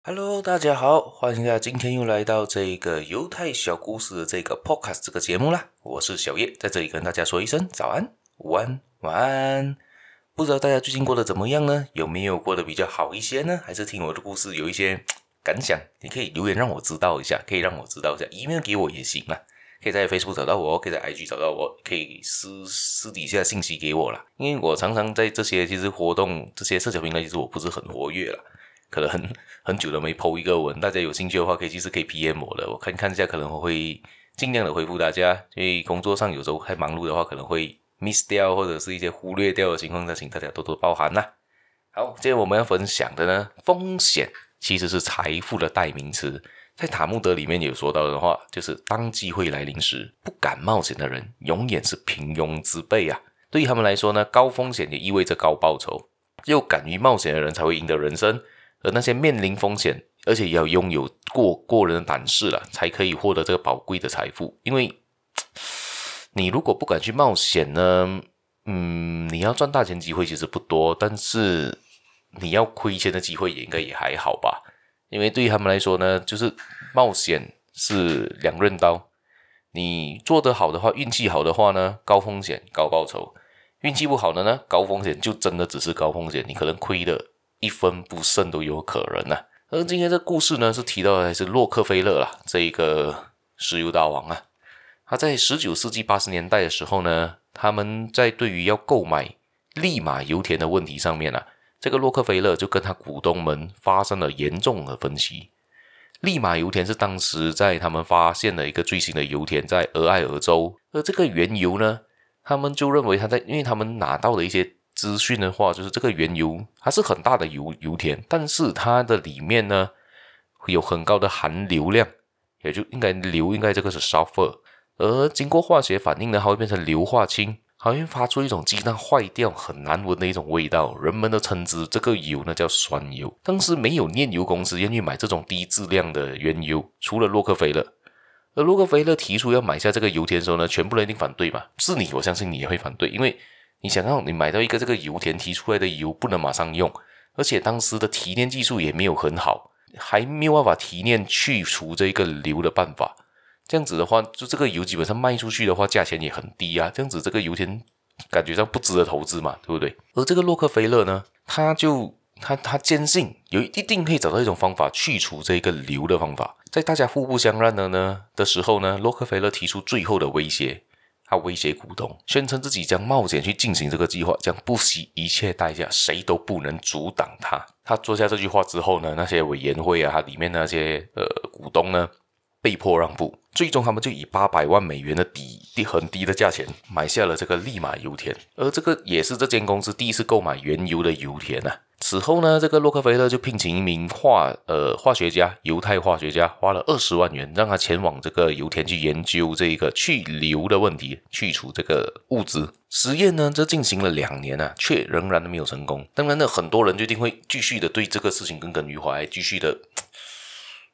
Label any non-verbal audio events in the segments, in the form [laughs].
哈嘍，Hello, 大家好，歡迎大家今天又來到這個猶太小故事的這個 podcast 這個節目啦。我是小葉，在這裡跟大家說一聲早安、午安、晚安。不知道大家最近過得怎麼樣呢？有沒有過得比較好一些呢？還是聽我的故事有一些感想？你可以留言讓我知道一下，可以讓我知道一下，email 給我也行啊。可以在 Facebook 找到我，可以在 IG 找到我，可以私私底下信息給我啦。因為我常常在這些其實活動這些社交平台其實我不是很活躍啦。可能很很久都沒 Po 一個文，大家有興趣的話可以其實可以 PM 我的，我看一看一下，可能我會盡量的回復大家。因為工作上有時候太忙碌的話，可能會 miss 掉或者是一些忽略掉的情況，再請大家多多包涵啦、啊。好，今天我們要分享的呢，風險其實是財富的代名詞。在塔木德裡面有說到的話，就是當機會來臨時，不敢冒險的人永遠是平庸之輩啊。對於他們來說呢，高風險也意味着高報酬，只有敢於冒險的人才會贏得人生。而那些面臨風險，而且也要擁有過過人的膽識啦，才可以獲得這個寶貴的財富。因為，你如果不敢去冒險呢，嗯，你要賺大錢機會其實不多，但是你要虧錢的機會也應該也還好吧。因為對於他們來說呢，就是冒險是兩刃刀。你做得好的話，運氣好的話呢，高風險高報酬；運氣不好的呢，高風險就真的只是高風險，你可能虧的。一分不剩，都有可能啊。而今天這故事呢，是提到的是洛克菲勒了、啊，這一個石油大王啊。他在十九世紀八十年代的時候呢，他們在對於要購買利馬油田的問題上面啊，這個洛克菲勒就跟他股東們發生了嚴重的分歧。利馬油田是當時在他們發現了一個最新的油田，在俄亥俄州。而這個原油呢，他們就認為他在，因為他們拿到了一些。資訊的話，就是這個原油它是很大的油油田，但是它的裡面呢，有很高的含硫量，也就應該硫應該這個是 sulfur，而經過化學反應呢，它會變成硫化氫，好像發出一種雞蛋壞掉很難聞的一種味道，人們都稱之這個油那叫酸油。當時沒有煉油公司願意買這種低質量的原油，除了洛克菲勒。而洛克菲勒提出要買下這個油田的時候呢，全部人一定反對吧？是你，我相信你也會反對，因為。你想要你買到一個這個油田提出來的油不能馬上用，而且當時的提煉技術也沒有很好，還沒有辦法提煉去除這一個硫的辦法。這樣子的話，就這個油基本上賣出去的話，價錢也很低啊。這樣子這個油田感覺到不值得投資嘛，對不對？而這個洛克菲勒呢，他就他他堅信有一定可以找到一種方法去除這個硫的方法。在大家互不相讓的呢的時候呢，洛克菲勒提出最後的威脅。他威脅股東，宣稱自己將冒險去進行這個計劃，將不惜一切代價，誰都不能阻擋他。他做下這句話之後呢，那些委員會啊，他裡面那些呃股東呢，被迫讓步，最終他們就以八百萬美元的底很低的價錢買下了這個利馬油田，而這個也是這間公司第一次購買原油的油田啊。此後呢，這個洛克菲勒就聘請一名化呃化學家，猶太化學家，花了二十萬元，讓他前往這個油田去研究這個去硫的問題，去除這個物質。實驗呢，這進行了兩年啊，卻仍然都沒有成功。當然呢，很多人就一定會繼續的對這個事情耿耿於懷，繼續的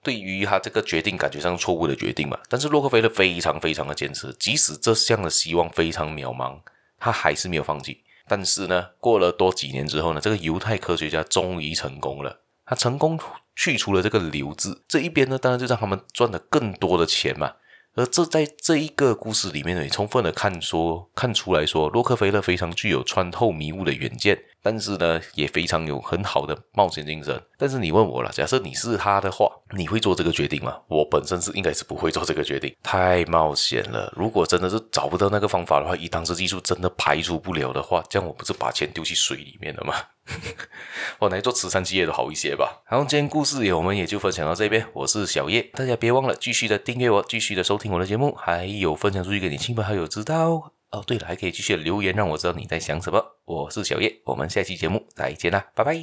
對於他這個決定感覺上錯誤的決定嘛。但是洛克菲勒非常非常的堅持，即使這樣的希望非常渺茫，他還是沒有放棄。但是呢，過了多幾年之後呢，這個猶太科學家終於成功了。他成功去除了這個硫質，這一邊呢，當然就讓他們賺了更多的錢嘛。而這在這一個故事裡面也充分的看說看出來說，洛克菲勒非常具有穿透迷霧的遠見，但是呢，也非常有很好的冒險精神。但是你問我了，假設你是他的話，你會做這個決定嗎？我本身是應該是不會做這個決定，太冒險了。如果真的是找不到那個方法的話，以當時技術真的排除不了的話，這樣我不是把錢丟去水裡面了嗎？ [laughs] 我來做慈善事業都好一些吧。好，今天故事我們也就分享到這邊。我是小葉，大家別忘了繼續的訂閱我，繼續的收聽我的節目，還有分享出去給你親朋好友知道哦，哦。對了，還可以繼續的留言，讓我知道你在想什麼。我是小葉，我們下期節目再見啦，拜拜。